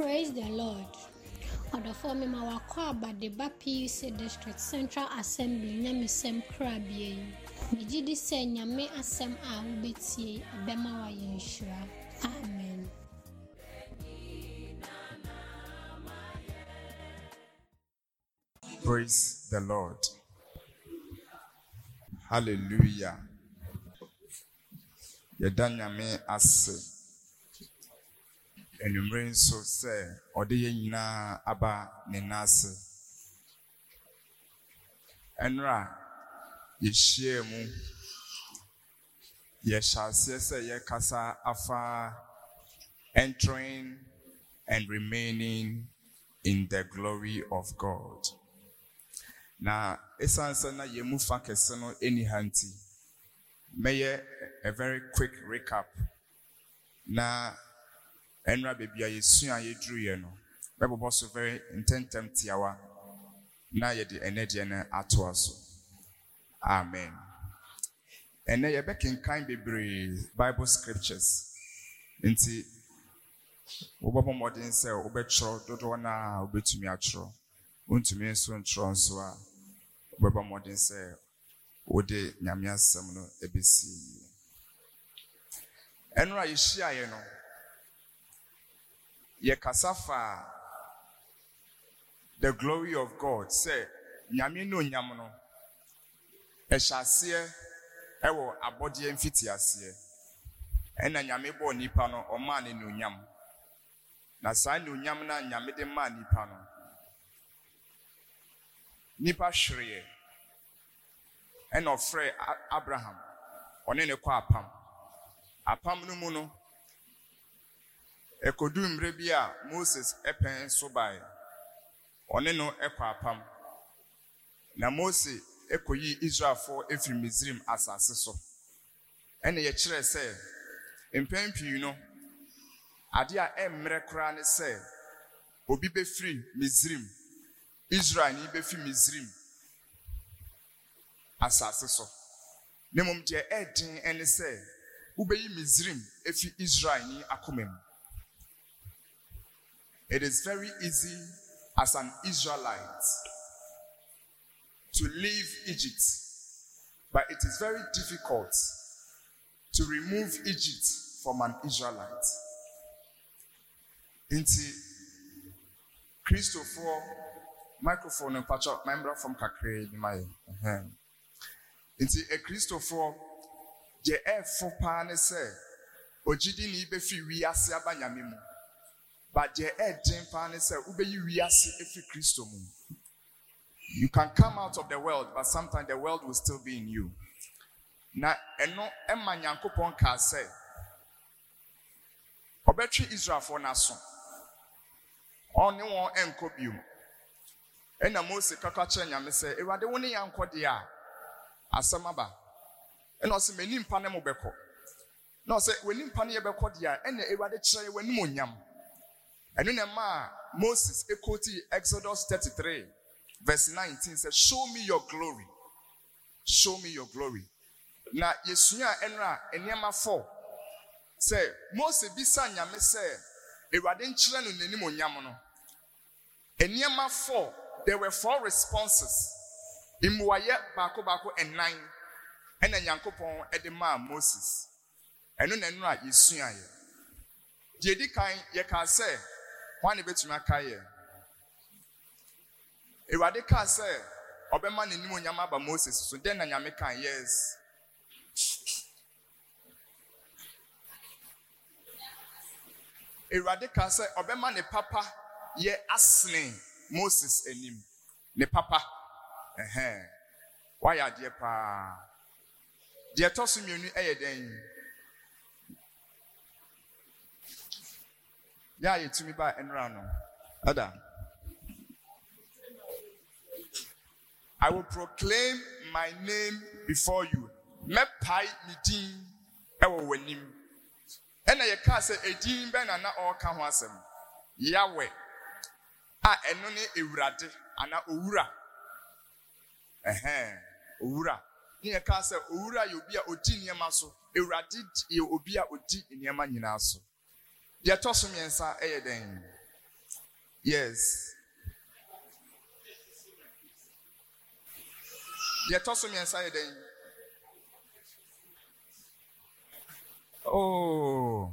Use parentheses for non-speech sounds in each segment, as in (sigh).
Praise the Lord. ɔdɔfoɔ me ma wakɔ aba deba puc district central assembly nyamesɛm korabea yi megye di sɛ nyame asɛm a wobɛtie ɛbɛma wayɛ amen Praise the Lord. Hallelujah. Yɛda nyame ase enumere nso sɛ ɔde yɛn nyinaa aba ne nan ase ɛnora yɛhyia mu yɛhyɛ aseɛ sɛ yɛkasa afa entering and remaining in the glory of god na ɛsiane sɛ na yɛn mu fa kɛse no ɛni ha nti mɛyɛ a very quick recap na. nwura baabi a yɛsua a yɛduruiɛ no bɛbobɔ so very ntɛntɛm tiawa na yɛde ɛnɛ deɛ no atoa so amen ɛnɛ yɛbɛkenkan bebree bible scriptures nti wobɛbɔ mmɔden sɛ wobɛtwerɛ dodoɔ no a wobɛtumi atwerɛ wontumi nso ntwerɛ nso a wobɛbɔ mmɔden sɛ wode nyame asɛm no ɛbɛsi yie yɛhyiaeɛ no yɛkasa fa the glory of god sɛ nyame no onyam no ɛhyɛ aseɛ ɛwɔ abɔdeɛ mfiti aseɛ ɛna nyame bɔɔ nipa no ɔmaa ne nonyam na saa nonyam no a nyame de maa nipa no nipa hwereɛ ɛna ɔfrɛ abraham ɔne ne kɔ apam apam no mu no ekodu mmerɛ bi a moses pɛn so baeɛ ɔne no ɛkɔ apam na mose kɔyii israelfoɔ afiri misrim asase so ɛna yɛkyerɛ sɛ mpɛn pii no ade a ɛmmerɛ koraa ne sɛ obi bɛfiri misrim israelni bɛfiri misrim asase so Ne mmom deɛ ɛɛden ne sɛ wobɛyi misrim efi israelni akoma mu It is very easy as an Israelite to leave Egypt, but it is very difficult to remove Egypt from an Israelite. Into Kristofoɔ microphone no mpatwa member from Kakre, yi ma yɛ Into ekristofoɔ e deɛ ɛɛfo paa ne sɛ ogyidi ne yi bɛfi wiase aba But the ɛden paa ne sɛ wobɛyi wiase efi kristo mu. You can come out of the world but sometimes the world will still be in you. Na eno ɛma nyankopɔn kaa sɛ ɔbɛtwe Israelfoɔ n'aso. Ɔne wɔn ɛnkɔ biom. Ɛna Mose kaka kyerɛ nyame sɛ Ewurade wo ne yankɔ deɛ a asɛm aba. Ɛna ɔsɛ mɛ nipa ne mo bɛkɔ. Na ɔsɛ wɔ ne yɛ bɛkɔ deɛ a ɛna Ewurade kyerɛ wɔ anim onyam. ɛno na ɛma a moses ekoti exodus thirty three verse nineteen sɛ show me your glory show me your glory na yesua ɛnura nneɛma four sɛ mose bisa nyame sɛ ewurade nkyerɛ no n'anim onyam no nneɛma four there were four responses mmuayɛ baako baako nnan ɛna nyankopɔn ɛde maa moses ɛno na ɛnura yesua yɛ deɛ di kan yɛ kaa sɛ wọn na ebetumi aka yɛ ewurade kaa sɛ ɔbɛma ne nim onyam aba moses so den na nyame kan yes ewurade kaa sɛ ɔbɛma ne papa yɛ asene moses anim ne papa ɛhɛn wayɛ adeɛ paa deɛ ɛtɔ so mmienu yɛ den. yɛ a yɛtumi ba nnora no ɛda I will proclaim my name before you. Mɛpae ne din ɛwɔ w'anim. Ɛna yɛka se edin bɛ na na ɔreka ho asɛm. Yahweh a ɛno ne ewurade ana owura. Ɛhɛn owura. Ne yɛka sɛ owura yɛ obi a odi nneɛma so. Ewurade yɛ obi a odi nneɛma so. deɛ ɛtɔ so mmiɛnsa yɛ dɛn yes deɛ ɛtɔ so mmiɛnsa yɛ dɛn oh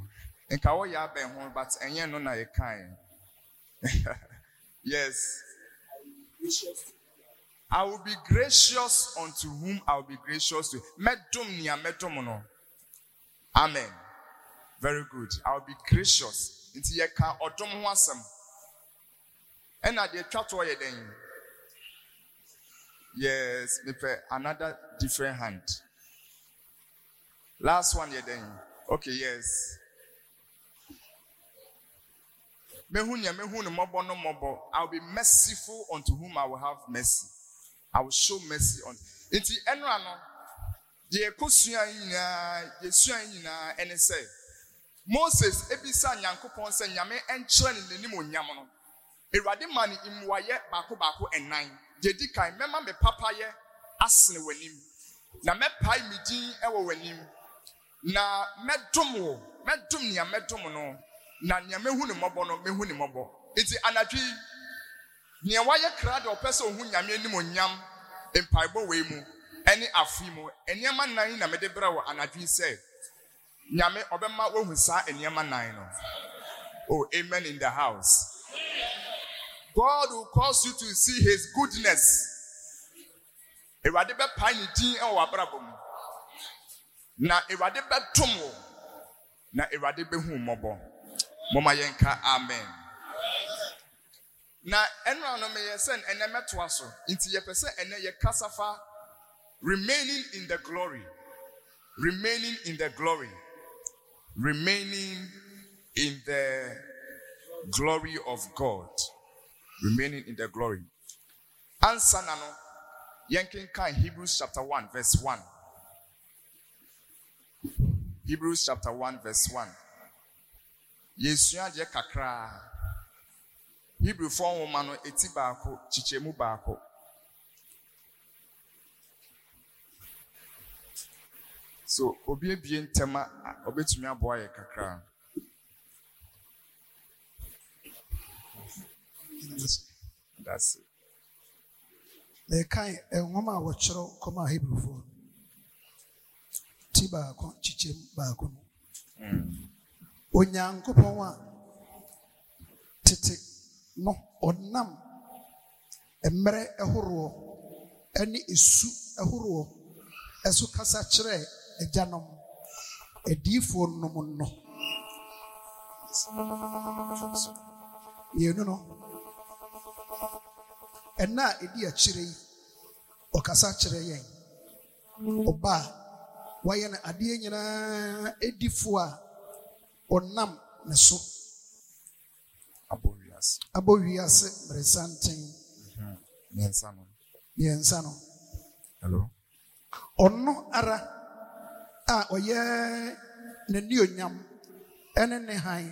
nka wɔyɛ abɛn ho but ɛnyɛ no na yɛ kan (laughs) yes I will be gracious unto whom I will be gracious to. Medum nia medum no. Amen. very good i'll be gracious nti yɛka ɔdom ho asɛm ɛna deɛ twa toɔ yɛ dɛn yes mepɛ another different hand last one yɛ dɛn okay yes mehu nea mehu no mmɔbɔ no mmɔbɔ i will be merciful unto whom i will have mercy i will show mercy unto nti ɛnura no deɛ ɛkɔ sua nyinaa yɛ sua nyinaa ɛne sɛ. moses ebisa nyankopɔn sɛ nyame nkyerɛ ne n'anim onyam no awurade ma ne mmuayɛ baako baako ɛnan deɛ di kan mɛma me papayɛ asene w'anim na mɛpae me din wɔ w'anim na mɛdom wo mɛdom nea mɛdom no na nea mɛhu ne mmɔbɔ no mɛhu ne mmɔbɔ nti anadwo yi nea wayɛ kra deɛ ɔpɛ sɛ ɔhu nyame anim onyam mpaebɔ wei mu ne afe mu nneɛma nnan na mɛde brɛ wɔ anadwo yi sɛ nyame nan no oh amen in the house god will cause you to see his goodness awurade bɛpae ne din wɔ w'abrabɔ mu na awurade bɛtom wo na amen na no nti remaining in the glory remaining in the glory remaining in the glory of God. Remaining in the glory. Answer nano. ka in Hebrews chapter 1, verse 1. Hebrews chapter 1, verse 1. Yesua de kakra. Hebrew form, woman eti chichemu bako. so obi ebie ntɛm a obetumi aboa yɛ kakra. That's nwoma a wɔkyerɛw kɔma ahebrifo ti baako kyikyem baako no. Hmm. Onyankopɔn a tete no ɔnam mmerɛ ahoroɔ ne esu ahoroɔ ɛso kasa kyerɛ agyanom adiifoɔ nom no mmienu no ɛna a ɛdi akyire yi ɔkasa kyerɛ yɛn ɔbaa wayɛ no adeɛ nyinaa ɛdifoɔ a ɔnam ne so abɔ wiase mmeresanten mhm. mmiɛnsa no ɔno ara a ɔyɛ n'ani onyam ɛne ne han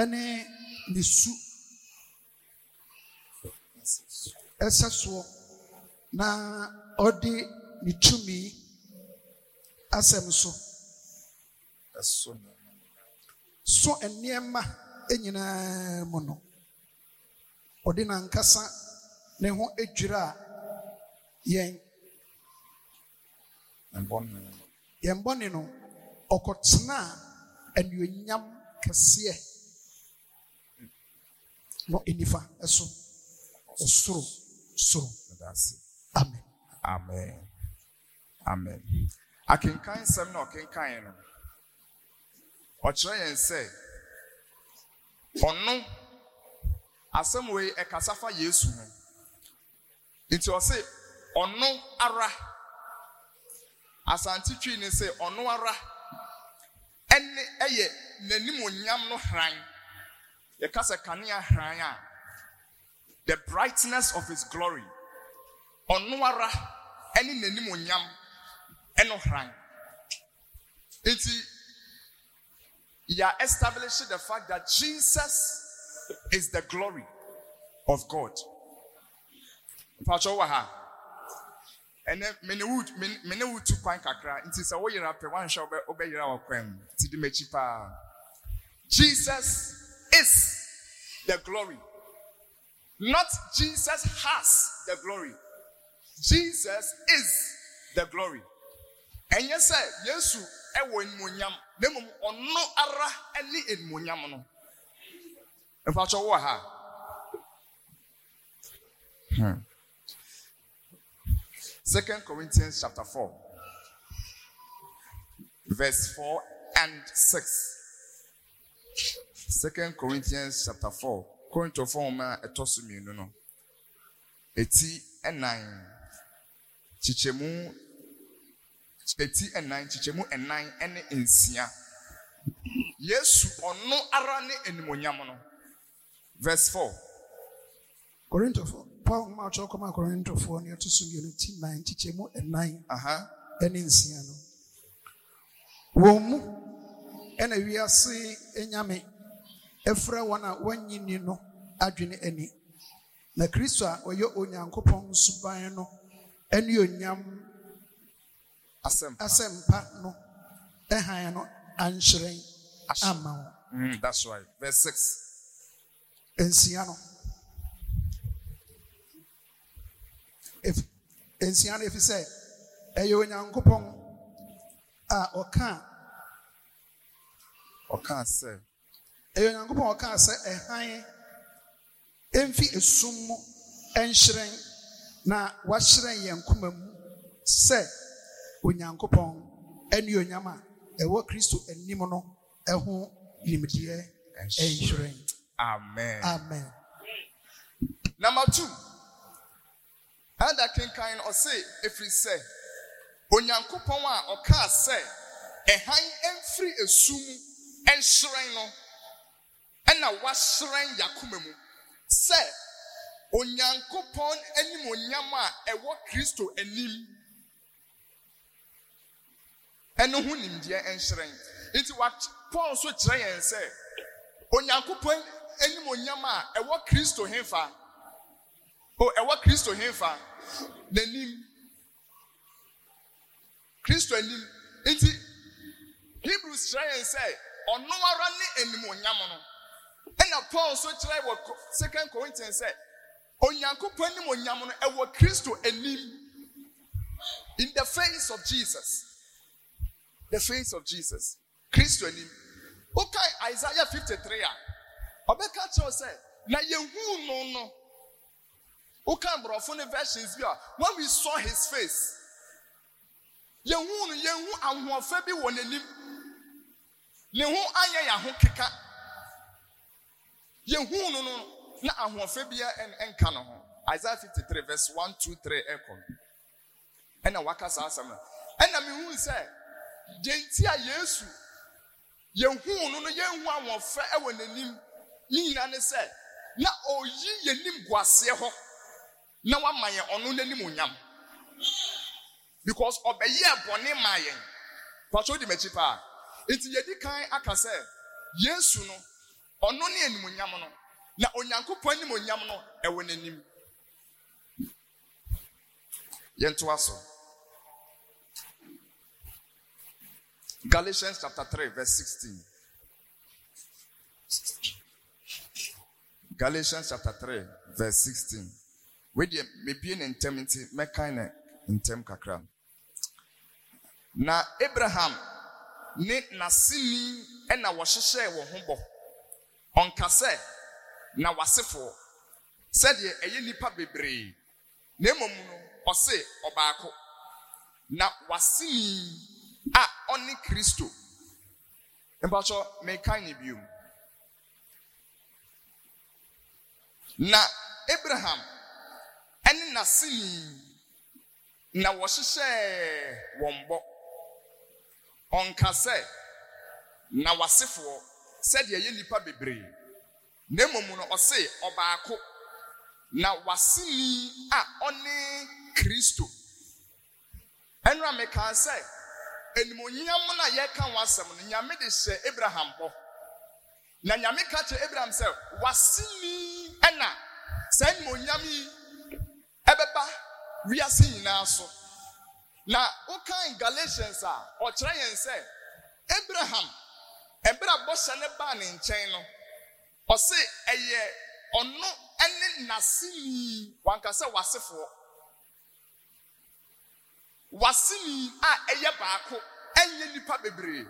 ɛne ne su ɛsɛ soɔ na ɔde ne tumi asɛm so so nneɛma nyinaa mu no ɔde n'ankasa ne ho adwira yɛn. yɛn bɔne no ɔkɔtena anuonyam kɛseɛ no nifa so ɔsoro soro amen amen amen akenkan nsɛm na ɔkenkan no ɔkyerɛ yɛn sɛ ɔno asɛm wei ɛkasa fa yesu ho nti ɔse ɔno ara asante twi ne sɛ ɔno ara ɛne ɛyɛ n'anim no hran yɛka sɛ kanea hran a the brightness of his glory ɔno ara ɛne n'anim onyam ɛno hran nti yɛ establish the fact that jesus is the glory of god mpatsɔ ha ɛnɛ mene wo mene wo tu kwan kakra nti sɛ woyera pɛ woanhwɛ wobɛyera wɔ kwan mu nti de m'akyi paa jesus is the glory not jesus has the glory jesus is the glory ɛnyɛ sɛ yesu ɛwɔ enumonyam na mmom ɔno ara ne enumonyam no mfatwɔ ha hmm. Second Corinthians chapter 4, verse 4 and 6. Second Corinthians chapter 4. Corinthians 4 ma ɛtɔ so mmienu no. Eti ɛnan kyikyɛmu eti ɛnan kyikyɛmu ɛnan ɛne nsia. Yesu ɔno ara ne animonyam no. Verse 4. Corinthians 4. paul ma ɔkyerɛ kɔma akɔrɔ ntɔfoɔ ne ɔto so mmienu ti nan ɛne nsia no wɔn mu ɛna wiase nyame ɛfrɛ wɔn a wɔnyini no adwene ani na kristo a ɔyɛ onyankopɔn suban no ɛne onyam asɛmpa no ɛhan no anhyerɛn ama wɔn. Mm, that's right verse six. nsia no ɛfi sɛ ɛyɛ onyankopɔn a ɔka ɔka sɛ ɛyɛ onyankopɔn ɔka sɛ ɛhan ɛmfi esum mu ɛnhyerɛn na wahyerɛn yɛn koma mu sɛ onyankopɔn ɛnuonyam a ɛwɔ kristo anim no ɛho nimdeɛ ɛnhyerɛn amen amen number two. ɛda kenkan no ɔse ɛfiri sɛ onyankopɔn a ɔkaa sɛ ɛhan ɛmfiri esu mu ɛnhyerɛn no ɛna wahyerɛn yakoma mu sɛ onyankopɔn anim onyam a ɛwɔ kristo anim ɛno ho nimdeɛ ɛnhyerɛn nti wa paul nso kyerɛ yɛn sɛ onyankopɔn anim onyam a ɛwɔ kristo henfa o oh, ɛwɔ kristo henfa. n'anim kristo anim nti hebrews kyerɛ yɛn sɛ ɔno ara ne animonyam no ɛna paul nso kyerɛ wɔ second corinthians sɛ onyankopɔn animonyam no ɛwɔ kristo anim in the face of jesus the face of jesus kristo anim wokae isaiah 53 a ɔbɛka kyerɛw sɛ na yɛhuu no no woka mborɔfo ne versions bi a when we saw his face yɛn hu no yɛn hu ahoɔfɛ bi wɔ n'anim ne ho ayɛ yɛn ho keka yɛn hu no no na ahoɔfɛ bi ɛnka ne ho isaiah fifty three verse one two three ɛkɔ ɛna waka saa asɛm na ɛna mi hu sɛ yɛn ti a yesu yɛn hu no no yɛn hu ahoɔfɛ ɛwɔ n'anim ne nyinaa ne sɛ na oyi yɛn nim guaseɛ hɔ. na wama yɛn ɔno n'anim onyam because ɔbɛyɛ bɔne ma yɛn patro di m'akyi paa nti yɛdi kan aka sɛ yesu no ɔno ne anim onyam no na onyankopɔn anim onyam no ɛwɔ n'anim yɛntoa so galatians chapter three verse sixteen galatians chapter three verse sixteen. wedeɛ mebie ne ntɛm nti mɛkan ne ntɛm kakra na abraham ne n'aseni na wɔhyehyɛɛ wɔn ho bɔ ɔnka sɛ na wasefoɔ sɛdeɛ ɛyɛ nnipa bebree na mmom no ɔse ɔbaako na waseni a ɔne kristo mpatsɔ mɛkan ne biom na abraham. ɛne n'aseni na wɔhyehyɛɛ wɔn bɔ ɔnka sɛ na wasefoɔ sɛdeɛ ɛyɛ nnipa bebree na mmom no ɔse ɔbaako na waseni a ɔne kristo ɛnura mɛka sɛ enimonyam na yɛka wɔn asɛm no nyame de hyɛ abraham bɔ na nyame ka kyerɛ abraham sɛ waseni ɛna sɛ enimonyam yi. ɛbɛba wiase nyinaa so na wokan galatians a ɔkyerɛ yɛn sɛ abraham ɛbɛrɛ bɔhyɛ ne baa ne nkyɛn no ɔse ɛyɛ ɔno ɛne n'aseni wankasa wasefoɔ waseni a ɛyɛ baako ɛnyɛ nipa bebree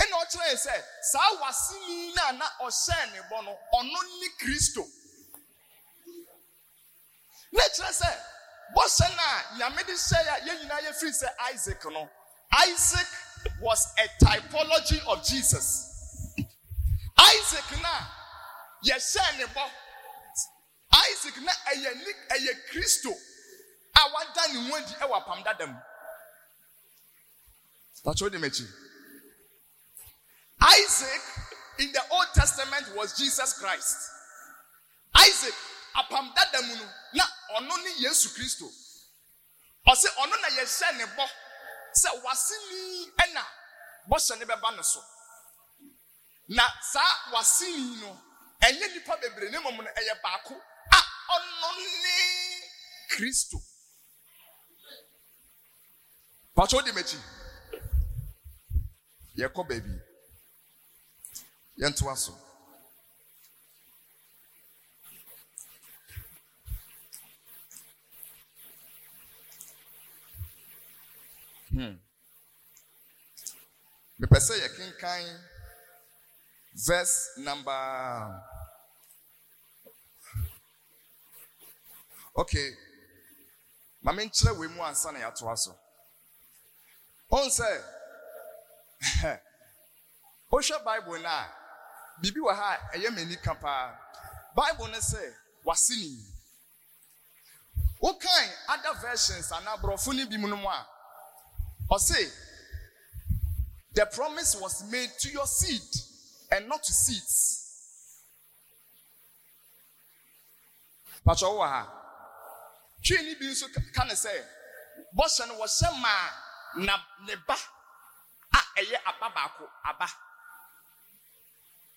ɛna ɔkyerɛ yɛn sɛ saa waseni na na ɔhyɛn ne bɔ no ɔno ne kristo. na kyerɛ sɛ bɔhyɛ no a nyame de hyɛ a yɛn nyinaa yɛfiri sɛ isaac no isaac was a typology of jesus isaac no a yɛhyɛ ne bɔ isaac na ɛyɛ ni ɛyɛ kristo a wada ne ho adi ɛwɔ apam dada mu tatwa di m'akyi isaac in the old testament was jesus christ isaac apam dada mu no na ɔno ne yesu kristo ɔsɛ ɔno na yɛhyɛ ne bɔ sɛ waseni ɛna bɔhyɛ ne bɛba ne so na saa waseni no ɛnyɛ nipa bebree ne mmom no ɛyɛ baako a ɔno ne kristo pàtó wọ́n di m'akyi yɛ baabi yɛn to aso. Hmm. mepɛ sɛ yɛkenkan verse number okay ma menkyerɛ wei mu ansa na yɛatoa so ɔn sɛ (laughs) wohwɛ bible no a biribi wɔ ha a ɛyɛ m'ani ka paa bible no sɛ waseni wokan other versions anaa borɔfo no bi mu no mu a ɔse the promise was made to your seed and not to seeds. pàtó wà ha twi ni bi nso ka ne sɛ bɔhyɛ no wɔhyɛ maa na ne ba ah, eh, a ɛyɛ aba baako aba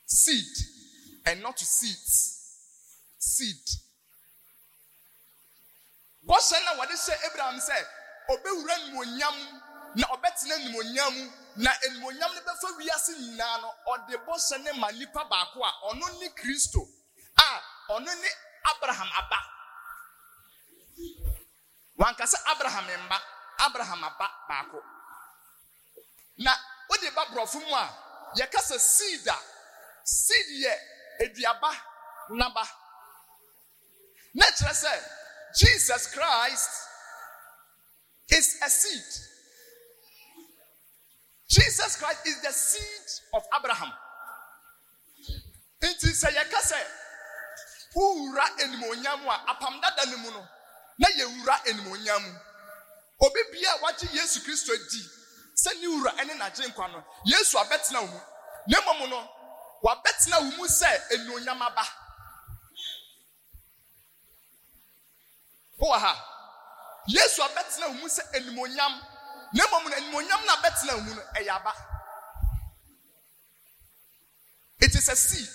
seed and not to seeds seed bɔhyɛ no a wɔde hyɛ abraham sɛ obewura nwonyam na ɔbɛtena animonyam na animonyam no bɛfa wiase nyinaa no ɔde bɔhyɛ ne ma nipa baako a ɔno ne kristo a ɔno ne abraham aba wankasa abraham mba abraham aba baako na wode ba borɔfo mu a yɛka seed a seed yɛ aduaba naba na kyerɛ sɛ jesus christ is a seed jesus christ is the seed of abraham nti sɛ yɛka sɛ wowura animonyam a apam dada no mu no na yɛwura animonyam obi bia a wagye yesu kristo di sɛ ne wura ne n'agye nkwa no yesu abɛtena wo mu na mmom no wabɛtena wo mu sɛ animonyam aba wowɔ ha yesu abɛtena wo mu sɛ animonyam na mmom no animonyam na bɛtena mu no ɛyɛ aba it is a seed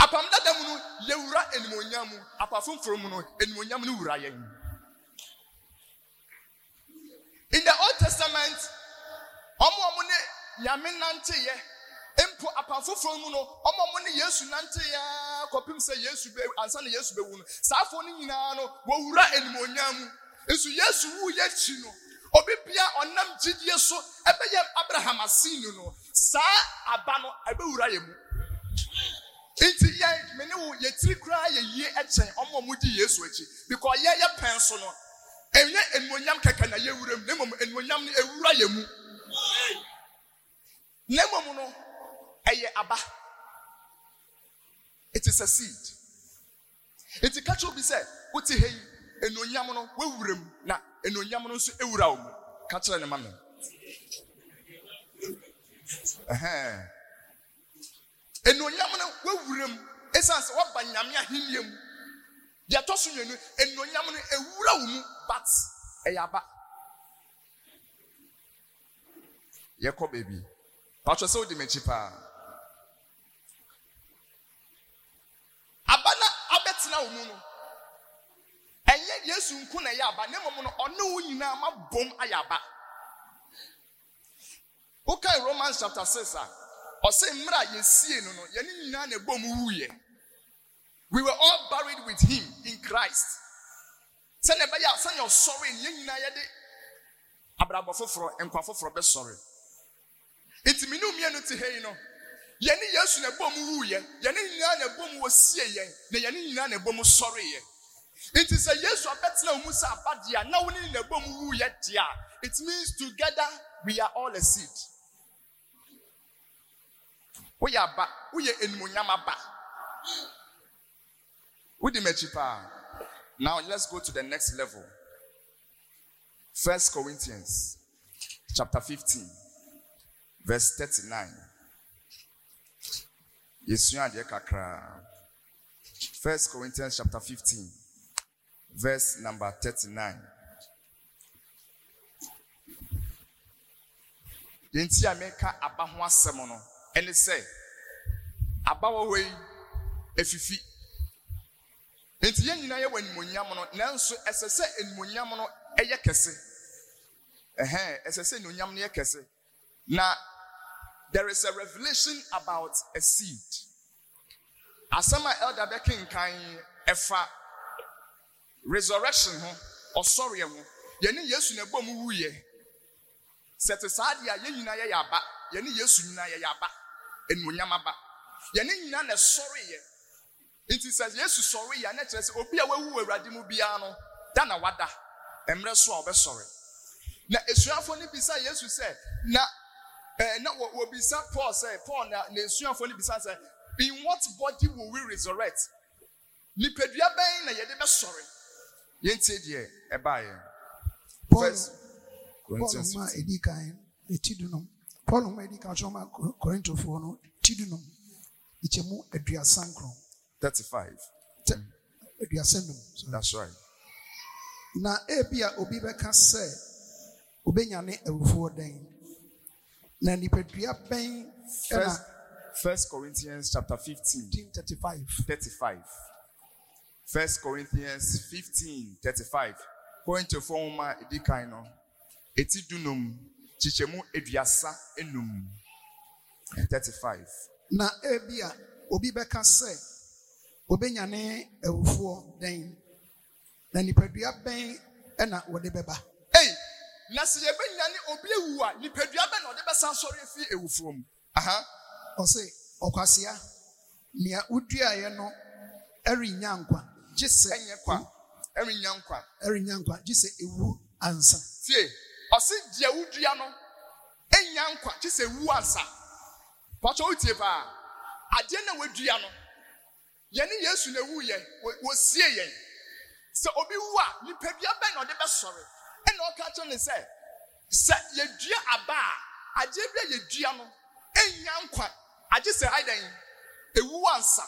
apam dada mu no yɛwura animonyam apa foforɔ mu no animonyam no wura yɛn in the old testament ɔmo ɔmo ne nyame nanteeɛ mpo apa foforɔ mu no ɔmo ɔmo ne yesu nanteeɛ kɔpem sɛ yesu bɛ ansa na yesu bɛ wu no saa no nyinaa no wɔwura animonyam mu nso yesu wu yɛkyi no obi bia ɔnam gyidie so ɛbɛyɛ abraham asinu no saa aba no ɛbɛwura yɛ mu nti yɛ mene wo yɛtiri koraa yɛyie ɛkyɛn ɔmo a mudi yesu akyi bikɔ yɛ yɛ pɛn so no ɛnyɛ enuonyam kɛkɛ na yɛwura mu na mmom enuonyam no ewura yɛ mu na mmom no ɛyɛ aba it is a seed nti kakyɛ obi sɛ wote ha yi. enonyam no wewura mu na enonyam no nso ewura wo mu ka kyerɛ ne ma me enonyam no wewura mu esan sɛ waba nyame ahenni mu deɛ ɛtɔ so mmienu enonyam no ewura wo mu but ɛyɛ aba yɛkɔ baabi patro sɛ wodi m'akyi paa aba na abɛtena wo mu no yesu na mmom no ɔne wo nyinaa ma bom romans chapter six a ɔsɛ mmerɛ a yɛsie no no yɛne nyinaa na ɛbɔ mu we were all buried with him in christ ɛbɛyɛ a ɔsɔre nyinaa yɛde abrabɔ foforɔ nkwa foforɔ bɛsɔre nti te hei no yɛne yesu na ɛbɔ mu yɛne nyinaa na ɛbɔ mu wɔsie yɛn na yɛne nyinaa na ɛbɔ mu it is a yes or better Musa Abadia. Now we need a bomb yet It means together we are all a seed. We are ba we are in Munyama ba. We the mechipa. Now let's go to the next level. First Corinthians chapter 15, verse 39. Yes, you are First Corinthians chapter 15 verse number 39. nti a meka aba ho asɛm no ɛne sɛ aba wɔ we yi efifi nti yɛn nyinaa yɛ wɔ animonyam no nanso ɛsɛ sɛ animonyam no ɛyɛ kɛse ɛhɛn ɛsɛ sɛ animonyam no yɛ kɛse na there is a revelation about a seed Asama elder elder bɛkenkan efa resurrection ho ɔsɔre ho yɛne yesu na ɛbɔ mu wuyɛ sɛ te saa deɛ a yɛn nyinaa yɛyɛ aba yɛne yesu nyinaa yɛyɛ aba enuonyam aba yɛne nyinaa na ɛsɔre yɛ nti sɛ yesu sɔre yɛ ana kyerɛ sɛ obi a wawu wɔ awurade mu biara no da na wada mmerɛ so a ɔbɛsɔre na esuafo no bisa yesu sɛ na ɛɛ na wɔ wɔbisa paul sɛ paul na na esuafo no bisa sɛ in what body will we resurrect nipadua bɛn na yɛde bɛsɔre. yɛntie deɛ ɛbaeɛ paulma ɛdi kan ɛti dunom paulma ɛdi kan ɔkyerɛma korintofoɔ no ti dunom ɛkyɛmu aduasa nkron 35 aduasa num that's right na ebi a obi bɛka sɛ obenya ne awufoɔ dan na nipadua bɛn ɛna first corinthians chapter fifteen. Thirty-five. Thirty-five. First Corinthians 15, 35. Kɔrintofo nwoma edi kan no, eti Etidunum chichemu eduasa enum, 35. Na Ebia a obi bɛka sɛ obenya ne na nipadua Ben Ena wɔde Hey. na sɛ yɛbɛnya ne obi ewu a nipadua bɛn na ɔde bɛsan sɔrɔ efi ewufoɔ mu. Ɔse ɔkwasia, nea woduaeɛ no gye sɛ ɛnyɛ kwa ɛrenya nkwa ɛrenya nkwa gye sɛ ewu ansa. tie ɔsi deɛ wudua no ɛnya nkwa gye sɛ ewu ansa pɔtɔ o tie paa adeɛ na wadua no yɛne yesu na ewu yɛ wosie yɛn sɛ obi wu a nipadua bɛn na ɔde bɛsɔre ɛna ɔka kyerɛ ne sɛ sɛ yɛdua aba a adeɛ bi a yɛdua no ɛnya nkwa agye ayi dɛn ewu ansa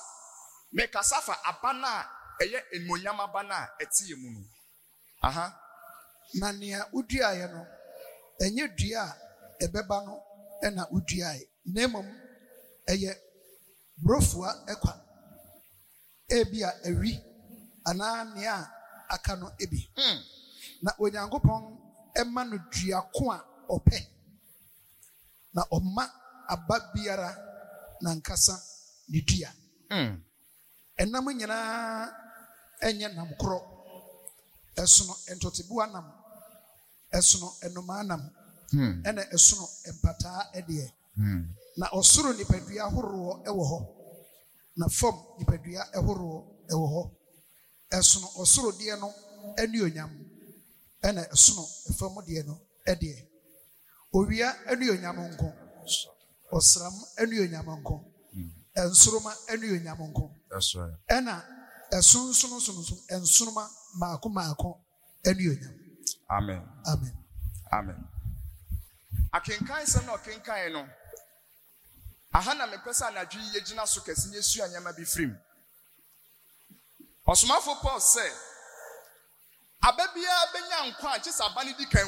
mɛkasa fa aba naa. ɛyɛ enuonyam aba no a ɛte yɛ mu no aha na nea yɛ no ɛnyɛ dua a ɛbɛba no ɛna woduaeɛ na mmom ɛyɛ borɔfua ɛkwa ebi a ɛwi anaa nea aka no ebi hmm. na onyankopɔn ɛma no duako a ɔpɛ na ɔma aba biara nankasa ne dua hmm. ɛnam nyinaa. ɛnyɛ nam korɔ ɛsono ntɔteboa nam ɛsono nnomaa nam ɛna hmm. ɛsono mpataa ɛdeɛ hmm. na ɔsoro nipadua ahoroɔ ɛwɔ hɔ na fam nipadua ahoroɔ ɛwɔ hɔ ɛsono ɔsoro deɛ no ɛne onyam ɛna ɛsono fam deɛ no ɛdeɛ owia ɛne onyam nko ɔsram ɛne onyam nko hmm. nsoroma ɛne onyam nko ɛna. ɛsonsonsonoson amen. amen. amen. akenkan sɛm na ɔkenkan no aha na mepɛ sɛ anadwo yi yɛgyina so kɛse nneɛma bi firim ɔsomafo paul sɛ aba biara nkwa sɛ aba no di kan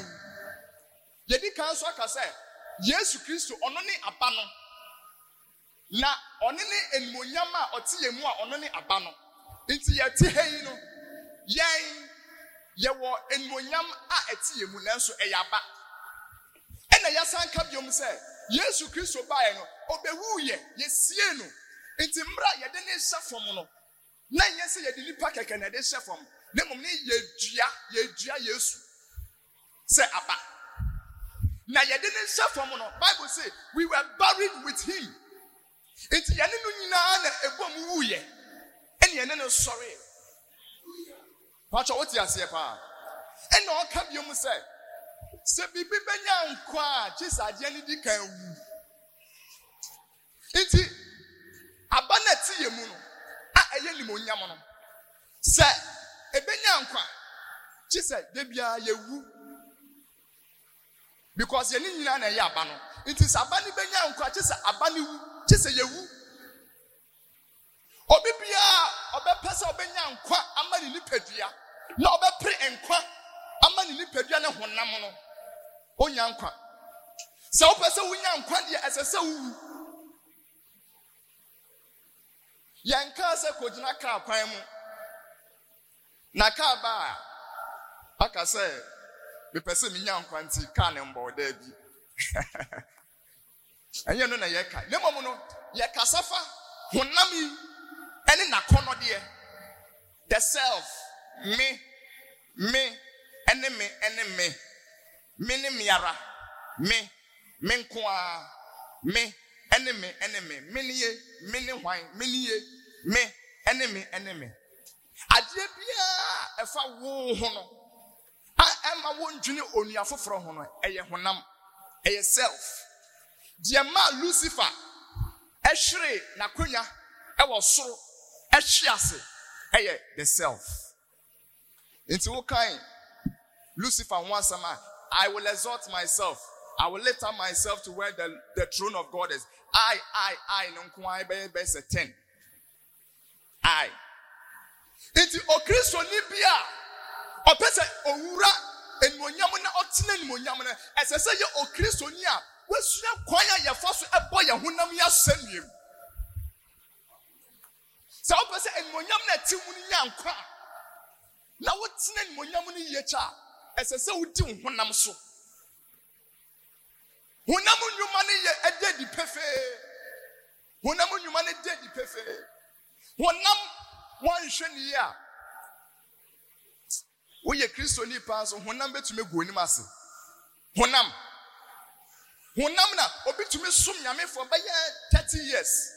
nti yɛte ha yi no yɛn yɛwɔ nnuonyam a ɛte yɛ mu nanso ɛyɛ aba ɛna yɛsan ka biom sɛ yesu kristo baeɛ no ɔbɛwu yɛ yɛsie no nti mmerɛ a yɛde ne hyɛ fam no na nyɛ sɛ yɛde nipa kɛkɛ na yɛde hyɛ fam na mmom ne yɛdua yɛdua yesu sɛ aba na yɛde ne hyɛ fam no bible say we were buried with him nti yɛne no nyinaa na ebom wuyɛ. ɛne ɛne no sɔre patwa wote aseɛ paa ɛna ɔka biom sɛ sɛ biribi bɛnya nkɔ a kye adeɛ no di kan wu nti aba no ɛte yɛ mu no a ɛyɛ limonyam no sɛ ɛbɛnya nkɔ a kye sɛ da yɛwu because yɛne nyinaa na ɛyɛ aba no nti sɛ aba no bɛnya nkɔ a kye sɛ aba no wu kye sɛ yɛwu nkwa ama ne nipadua na ɔbɛpere nkwa ama ne nipadua ne honam no onya nkwa sɛ wopɛ sɛ wonya nkwa deɛ ɛsɛ sɛ wowu yɛnkaa sɛ kogyina kaa kwan mu na kaa baa aka sɛ mepɛ sɛ menya nkwa nti kaa ne mbɔ daa bi (laughs) ɛnyɛ no na yɛka ne mmom no yɛkasa fa honam yi ne n'akɔnnɔdeɛ the self, me, me, enemy, enemy, me ne miara, me, me nkwa, me, enemy, enemy, me ne mme me ne wine, me ne ye, me, enemy, enemy. Adeɛ biara ho no a ɛma wɔndwene onua foforɔ ho no ɛyɛ honam ɛyɛ self. Deɛ Lucifer ɛhwere n'akonnwa ɛwɔ soro eshiasi ase ɛyɛ the self nti wokan lucifer ho asɛm I will exalt myself i will lift up myself to where the, the throne of god is i i i no nko ara bɛyɛ bɛsɛ ten i nti okristoni bi a ɔpɛ sɛ owura enumonyam na ɔtena enumonyam na ɛsɛ sɛ yɛ okristoni a wasua kwan a yɛfa so ɛbɔ yɛn yɛ sɛ wopɛ sɛ animonyam no ɛte wo no nya nkwa na wotena animonyam no yie kyɛ a ɛsɛ sɛ wodi wo honam so honam nnwuma no yɛ ɛda adi pefee honam nnwuma no da adi pefee honam wɔnhwɛ ne yie a woyɛ kristoni paa so honam bɛtumi gu anim ase honam honam na obi tumi som nyamefoɔ bɛyɛ thirty years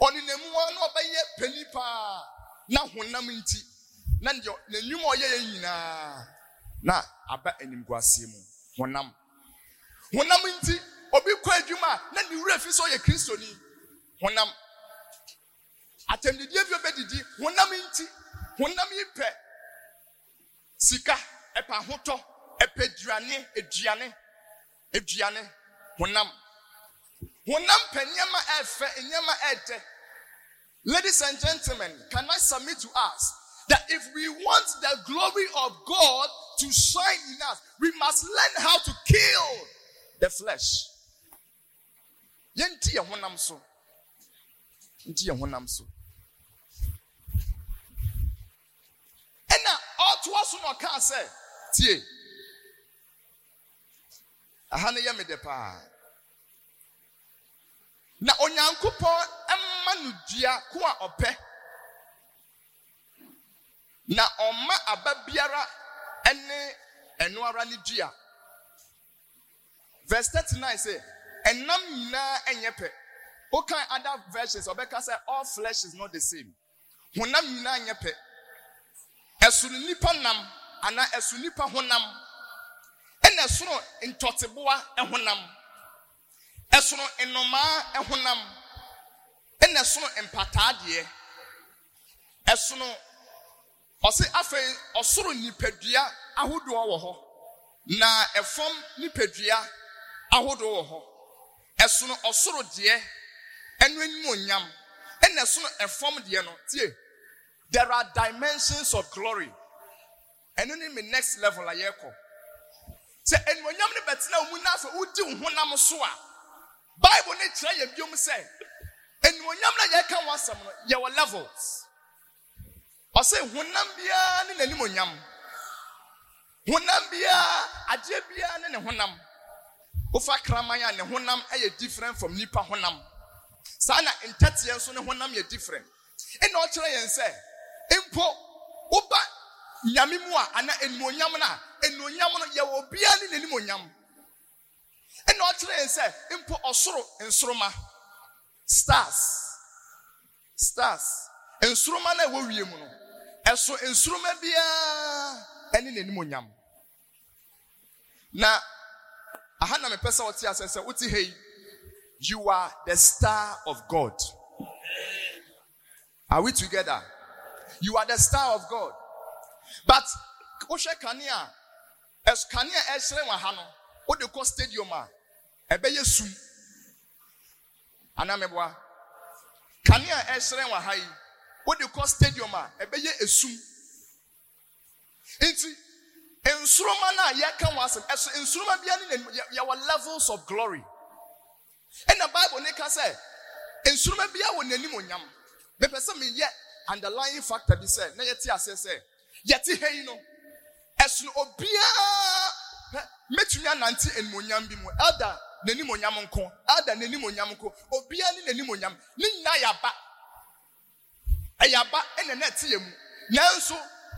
ɔnenamu wa na ɔbɛyɛ pani paa na honam nti na deɛ n'anim a ɔyɛ yɛ nyinaa na aba animguaseɛ mu honam honam nti obi kɔ adwuma na ne wura fi sɛ ɔyɛ kristoni honam atɛmdidie bi obɛdidi honam nti honam yi pɛ sika ɛpɛ ahotɔ ɛpɛ aduane aduane aduane honam. Ladies and gentlemen, can I submit to us that if we want the glory of God to shine in us, we must learn how to kill the flesh. ɛna ɔtoa so na ɔkaa sɛ tie aha me de na onyankopɔn ma no dua ko a ɔpɛ na ɔma aba biara ne ɛno ara ne dua verse thirty nine sɛ ɛnam nyinaa ɛnyɛ pɛ wokan other versions ɔbɛka sɛ all flesh is not the same honam nyinaa nyɛ pɛ ɛsoro nipa nam anaa ɛsoro nipa honam ɛna ɛsoro ntɔteboa honam ɛsono nnomaa ɛhonam ɛna ɛsono mpataa deɛ ɛsono ɔsi afei ɔsoro nipadua ahodoɔ wɔ hɔ na ɛfam nipadua ahodoɔ wɔ hɔ ɛsono ɔsoro deɛ ɛno anim onyam ɛna ɛsono ɛfam deɛ no tie there are dimensions of glory ɛno ne mi next level a yɛrekɔ sɛ ɛnuonyam no bɛtena wɔn mu na afei wodi so a bible ne kyerɛ yɛ biom sɛ animonyam na yɛka wɔ asɛm no yɛwɔ levels ɔsɛ honam biara ne n'animonyam honam biara adeɛ biara ne ne honam wofa kraman a ne honam yɛ different from nipa honam saa na ntɛteɛ nso ne honam yɛ different ɛna ɔkyerɛ yɛn sɛ mpo woba nyame mu a anaa animonyam no a animonyam no yɛwɔ obiara ne n'animonyam ɛna ɔkyerɛ sɛ mpo osoro nsoroma stars stars nsoroma na wo wiem no ɛso nsoroma biara ɛne n'anim onyam na aha na pesa sɛ ɔte asɛ sɛ wote hei you are the star of god are we together you are the star of god but wohwɛ kanea kanea ɛhyerɛn wɔ ha no what they call stadium ah? a ɛbɛyɛ sum anamɛboa kanea ɛhyerɛn wɔ ha yi what they call stadium ah? a ɛbɛyɛ esum nti nsoroma no a yɛka wɔn asɛm ɛso nsoroma biara ne yɛwɔ levels of glory ɛna bible ne ka sɛ nsoroma biara wɔ n'anim onyam bɛpɛ sɛ meyɛ underlying factor bi say. na yɛte aseɛ sɛ yɛte ha yi no ɛsono obiara. mɛtumi anante animonyam bi mu ɛda n'anim onyam nko ɛda n'anim onyam nko obiara ne n'anim onyam ne nyinaa yɛ aba ɛna na ɛte yɛ mu nanso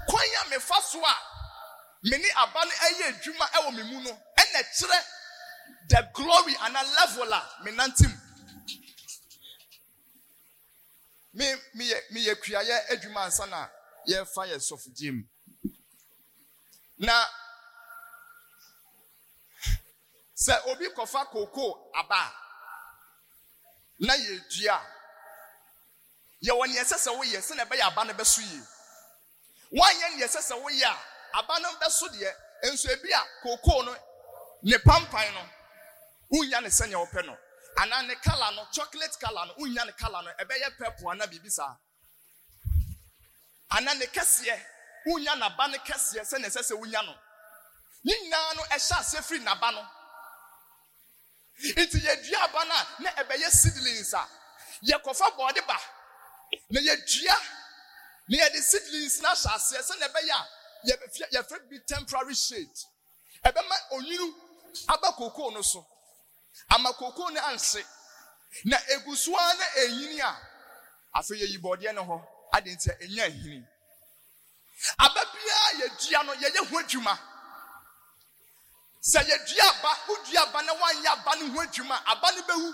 kwan a mefa so a me ne aba no ɛyɛ adwuma ɛwɔ me mu no ɛna kyerɛ the glory ana level a me nante mu me meyɛ meyɛ kuayɛ adwuma ansa na yɛfa yɛ sɔfo gye mu na. sɛ obi kɔfa kookoo aba a na yɛdua a yɛwɔ neɛ ɛsɛ sɛ woyɛ sɛnea ɛbɛyɛ aba no bɛso yie woanyɛ neɛ ɛsɛ sɛ woyɛ a aba no bɛso deɛ nso ebi a kookoo no ne pampan no wonya ne sɛnea wopɛ no anaa ne kala no chocolate kala no wonya ne kala no ɛbɛyɛ purple ana biribi saa anaa ne kɛseɛ wonya n'aba ne kɛseɛ sɛnea ɛsɛ sɛ wonya no ne nyinaa no ɛhyɛ aseɛ firi n'aba no nti yɛdua aba no a na ɛbɛyɛ seedlings a yɛkɔfa bɔɔde ba na yɛdua na yɛde seedlings no ahyɛ aseɛ na ɛbɛyɛ a yɛfrɛ bi temporary shade ɛbɛma onwini aba kookoo no so ama kookoo no anse na egu so ara na enyini a afei yɛyi bɔɔdeɛ no hɔ adi nti ɛnya ehini aba biara yɛdua no yɛyɛ ho adwuma. sɛ yɛdua aba wodua aba na woanyɛ aba no ho adwuma aba no bɛwu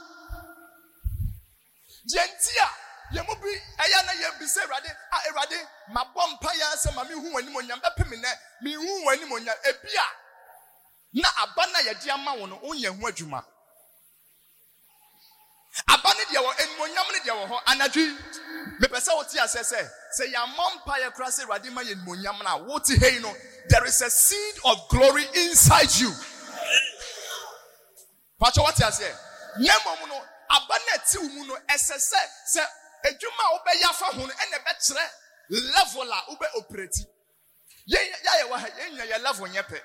deɛ nti a yɛn mu bi ɛyɛ na yɛbisa awurade a awurade mabɔ mpa yɛ sɛ maame hu wɔn anim onyam bɛpɛ mi nɛ mehu wɔn anim onyam ebi a na aba na yɛde ama wɔn no onyɛ ho adwuma aba ne deɛ wɔ enumonyam ne deɛ wɔ hɔ anadwi mepɛ sɛ wote asɛ sɛ sɛ yɛamɔ mpa yɛ kora sɛ awurade ma yɛ enumonyam no a wote hei no there is a seed of glory inside you patwɛ wote aseɛ na mmom no aba no ɛte wo mu no ɛsɛ sɛ sɛ adwuma a wobɛyɛ afa ho no ɛna ɛbɛkyerɛ level a wobɛ operati yɛyɛ wɔ ha yɛn yɛ level nyɛ pɛ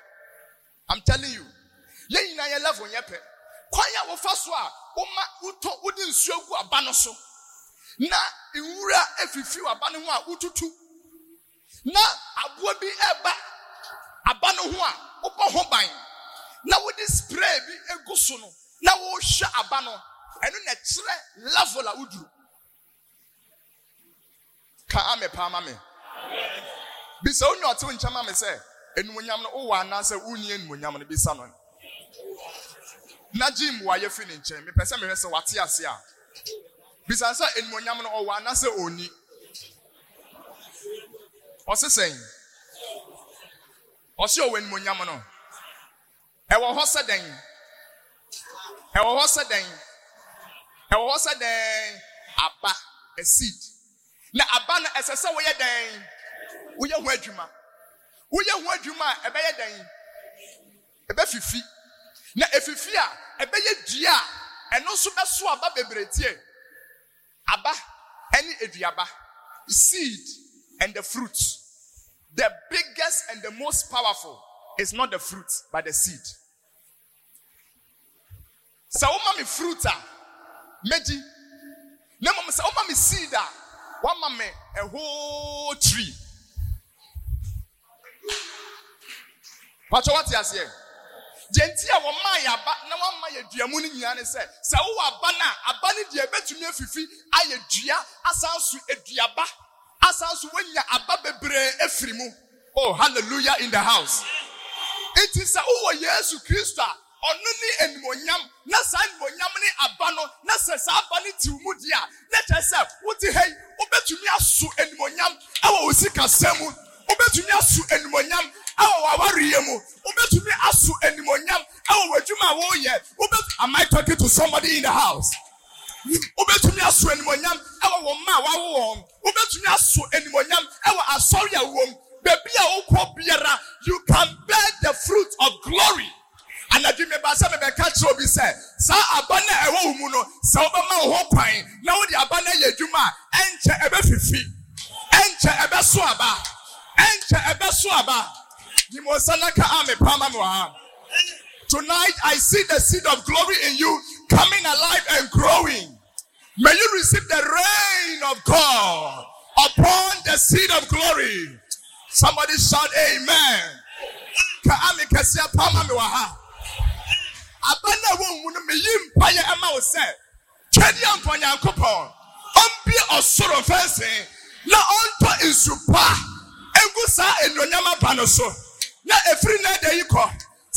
i'm telling you yɛn yɛ level nyɛ pɛ kwan a w'ofa so a wɔma wotɔ wode nsuo gu aba no so na nwura efifi aba no ho a wotutu na aboa bi ɛba aba no ho a wobɔ ho ban na wode spray bi egu so no na wɔrehwɛ aba no ɛno na ɛkyerɛ level a woduru ka ame paa ma me bisa onye ɔte nkyɛn ma me sɛ enumonyam no wowɔ anaasɛ wunni enumonyam no bisa no. na jim wɔ ayɛ fi ne nkyɛn mepɛ sɛ mehwɛ sɛ wate ase a bisa sɛ enumonyam no ɔwɔ anasɛ oni ɔse sɛn ɔse ɔwɔ enumonyam no ɛwɔ e hɔ sɛ dɛn ɛwɔ e hɔ sɛ dɛn ɛwɔ e hɔ sɛ dɛn aba ɛsid na aba no ɛsɛ sɛ woyɛ dɛn woyɛ ho adwuma woyɛ ho adwuma a ɛbɛyɛ dɛn ɛbɛfifi na efifi a ɛbɛyɛ dua a ɛno nso bɛso aba bebree tie aba ɛne aduaba seed and the fruit the biggest and the most powerful is not the fruit but the seed sɛ woma me fruit a mɛgyi na mmom sɛ woma me seed a wama me a whole tree patwɛ wate aseɛ gyenti a wɔma yɛ aba na wɔma yɛ dua mu no nyinaa ne sɛ sɛ wowɔ aba no a aba no deɛ ɛbɛtumi afifi ayɛ dua asan so aduaba asan so woanya aba bebree afiri mu oh hallelujah in the house nti sɛ wowɔ yesu kristo a ɔno ne animonyam na saa animonyam ni aba no na sɛ saa aba no tiw mu deɛ a na kyerɛ sɛ wote hei wobɛtumi aso animonyam ɛwɔ wo sikasɛm mu aso animonyam ɛwɔ w'awareyɛ mu wobɛtumi aso animonyam ɛwɔ w'adwuma a wɔreyɛ wobɛtumi am i talking to somebody in the house wobɛtumi aso animonyam ɛwɔ wɔn mma a wawo wɔn wobɛtumi aso animonyam ɛwɔ asɔre a wɔm baabi a wokɔ biara you can bear the fruit of glory anadwo mmeba sɛ mebɛka kyerɛ obi sɛ saa aba no e ɛwɔ wo mu no sɛ wobɛma wo ho kwan na wode aba no ayɛ adwuma a ɛnkyɛ ɛbɛfifi ɛnkyɛ ɛbɛso aba ɛnkyɛ ɛbɛso aba Tonight, I see the seed of glory in you coming alive and growing. May you receive the rain of God upon the seed of glory. Somebody shout, Amen. abana wo mu no meyi mpaeɛ ɛma wo sɛ twɛde ampa nyankopɔn ɔmpie ɔsoro mfɛnsee na ɔntɔ nsu pa egu saa anuonyam aba no so na efiri na ɛda yi kɔ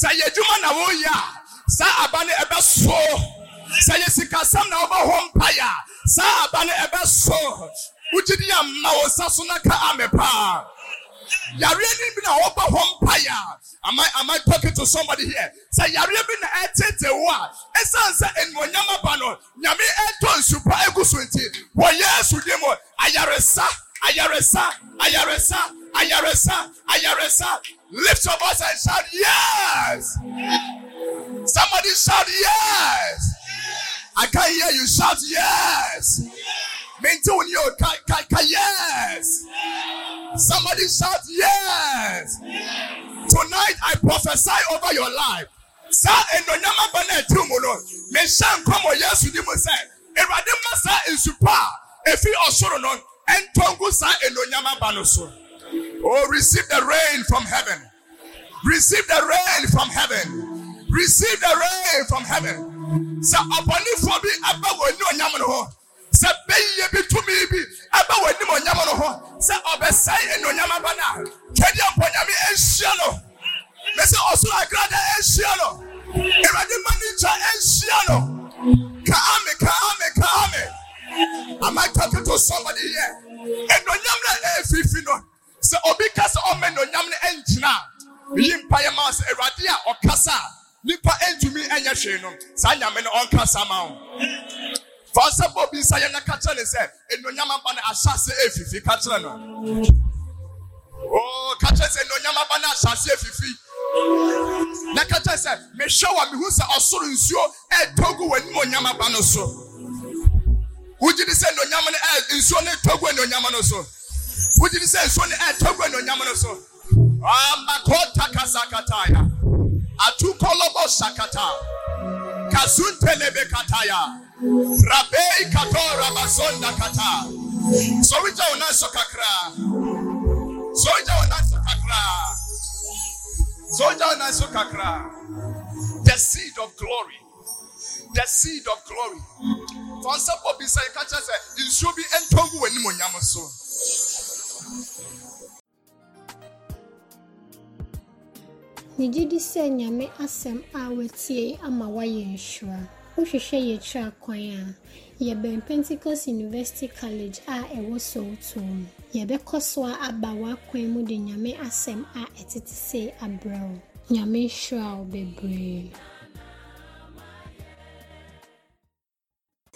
sɛ yɛ adwuma na wɔn yɛ a saa aba no ɛbɛ so sɛ yɛ sikasɛm na wɔbɛ hɔ mpa yɛ a saa aba no ɛbɛ so wogyidi yɛ mma wɔn nsa so na ka ame paa yàrá ni bi na ọba hɔ mpaya am i am i talking to somebody here sɛ yàrá bi na ɛtete wo a ɛsan sɛ enuonyam aba no nyame ɛtɔ nsupa egu so nti wɔ yɛ esu di mu ayaresa ayaresa ayaresa. Ayaresa, Ayaresa. Lift your voice and shout, Yes! Somebody shout, Yes! I can't hear you shout, Yes! Mintu when you yes. Somebody shout, Yes! Tonight I prophesy over your life. saa enonyama ba na ɛtiri mu no mehyɛ nkɔm wɔ yesu di mu sɛ awurade mma saa nsupa a efi ɔsoro no ɛntɔngu saa enonyama ba no so. Oh, receive the rain from heaven. Receive the rain from heaven. Receive the rain from heaven. Sɛ ɔbɔnifoɔ fobi aba wenu anim ɔnyam no hɔ. Sɛ bɛyɛ bi tumi bi aba wɔ anim ɔnyam no hɔ. Sɛ ɔbɛsae anuonyam aba no a, twɛdeɛ mpɔnyame ahyia no. agrada ahyia no. Awurade ma ne nkya ahyia Am I talking to somebody here? Anuonyam na ɛfifi no. sɛ obi kasa ɔmɛ na onyam no ɛngyina yi mpa yɛ ma sɛ awurade a ɔkasa a nipa ɛntumi ɛnyɛ hwee no saa nyame no ɔnkasa ma wo fa sɛ bɔ bi nsa yɛ na ka kyerɛ ne sɛ enuonyam aba no ahyase efifi ka kyerɛ no oo ka kyerɛ sɛ enuonyam aba no ahyase efifi na ka kyerɛ sɛ mehwɛ wɔ mehu sɛ ɔsoro nsuo ɛɛtɔ gu wɔ anim onyam aba no so wogye di sɛ enuonyam no ɛɛ nsuo no ɛɛtɔ gu enuonyam no so wogyiri sɛ nsuo no ɛɛtɔgua nonyam no so amakota kasakataya atukɔlɔbɔ sakata kasuntelebe kataya rabei katorabasonda kata sɔwogya wo nanso kakraa sɔwogya wo nanso kakraa sɔwogya wo nanso kakraa the seed of glory the seed of glory fɔnsɛpɔ bi sɛ ɛka kyerɛ sɛ nsuo bi ɛntɔgu w'animonyam so megye di sɛ nyame asɛm a watie ama wayɛ nhyira wohwehwɛ yɛkyira kwan a yɛbɛn pentecost university college a ɛwɔ sowoto mu yɛbɛkɔ so a aba w'akwan mu de nyame asɛm a ɛtete sei abrɛ wo nyame nhyira wo bebree